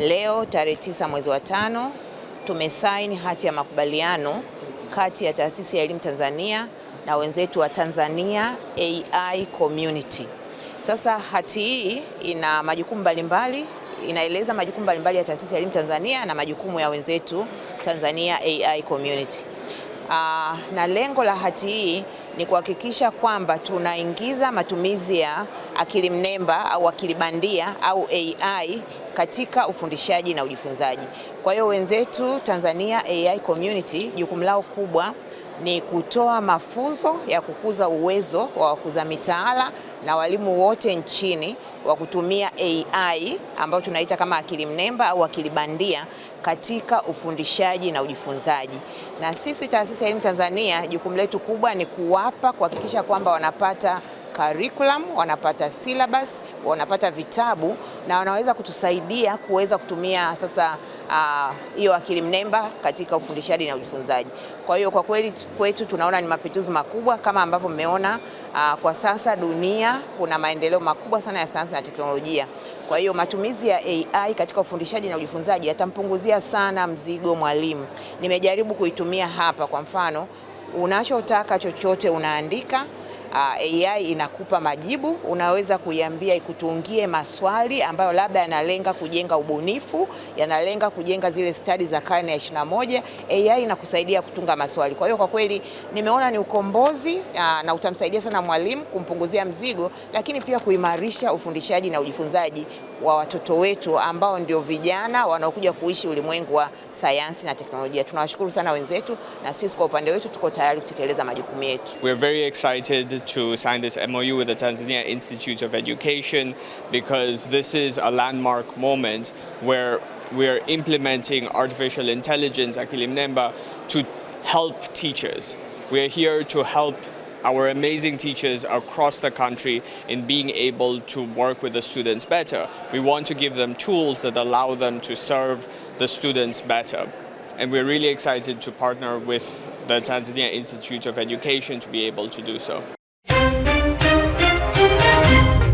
Leo tarehe tisa mwezi wa tano tumesaini hati ya makubaliano kati ya Taasisi ya Elimu Tanzania na wenzetu wa Tanzania AI Community. Sasa hati hii ina majukumu mbalimbali, inaeleza majukumu mbalimbali ya Taasisi ya Elimu Tanzania na majukumu ya wenzetu Tanzania AI Community. Aa, ah, na lengo la hati hii ni kuhakikisha kwamba tunaingiza matumizi ya akili mnemba au akili bandia au AI katika ufundishaji na ujifunzaji. Kwa hiyo wenzetu Tanzania AI Community jukumu lao kubwa ni kutoa mafunzo ya kukuza uwezo wa wakuza mitaala na walimu wote nchini wa kutumia AI ambayo tunaita kama akili mnemba au akili bandia katika ufundishaji na ujifunzaji. Na sisi Taasisi ya Elimu Tanzania, jukumu letu kubwa ni kuwapa, kuhakikisha kwamba wanapata curriculum, wanapata syllabus, wanapata vitabu na wanaweza kutusaidia kuweza kutumia sasa ah, hiyo uh, akili mnemba katika ufundishaji na ujifunzaji. Kwa hiyo kwa kweli kwetu tunaona ni mapinduzi makubwa kama ambavyo mmeona uh, kwa sasa dunia kuna maendeleo makubwa sana ya sayansi na teknolojia. Kwa hiyo matumizi ya AI katika ufundishaji na ujifunzaji yatampunguzia sana mzigo mwalimu. Nimejaribu kuitumia hapa, kwa mfano unachotaka chochote unaandika uh, AI inakupa majibu. Unaweza kuiambia ikutungie maswali ambayo labda yanalenga kujenga ubunifu, yanalenga kujenga zile stadi za karne ya 21. AI inakusaidia kutunga maswali. Kwa hiyo kwa kweli nimeona ni ukombozi uh, na utamsaidia sana mwalimu kumpunguzia mzigo, lakini pia kuimarisha ufundishaji na ujifunzaji wa watoto wetu ambao ndio vijana wanaokuja kuishi ulimwengu wa sayansi na teknolojia. Tunawashukuru sana wenzetu, na sisi kwa upande wetu tuko tayari kutekeleza majukumu yetu. We are very excited to sign this MOU with the Tanzania Institute of Education because this is a landmark moment where we're implementing artificial intelligence, Akili Mnemba, to help teachers. We're here to help our amazing teachers across the country in being able to work with the students better. We want to give them tools that allow them to serve the students better. And we're really excited to partner with the Tanzania Institute of Education to be able to do so.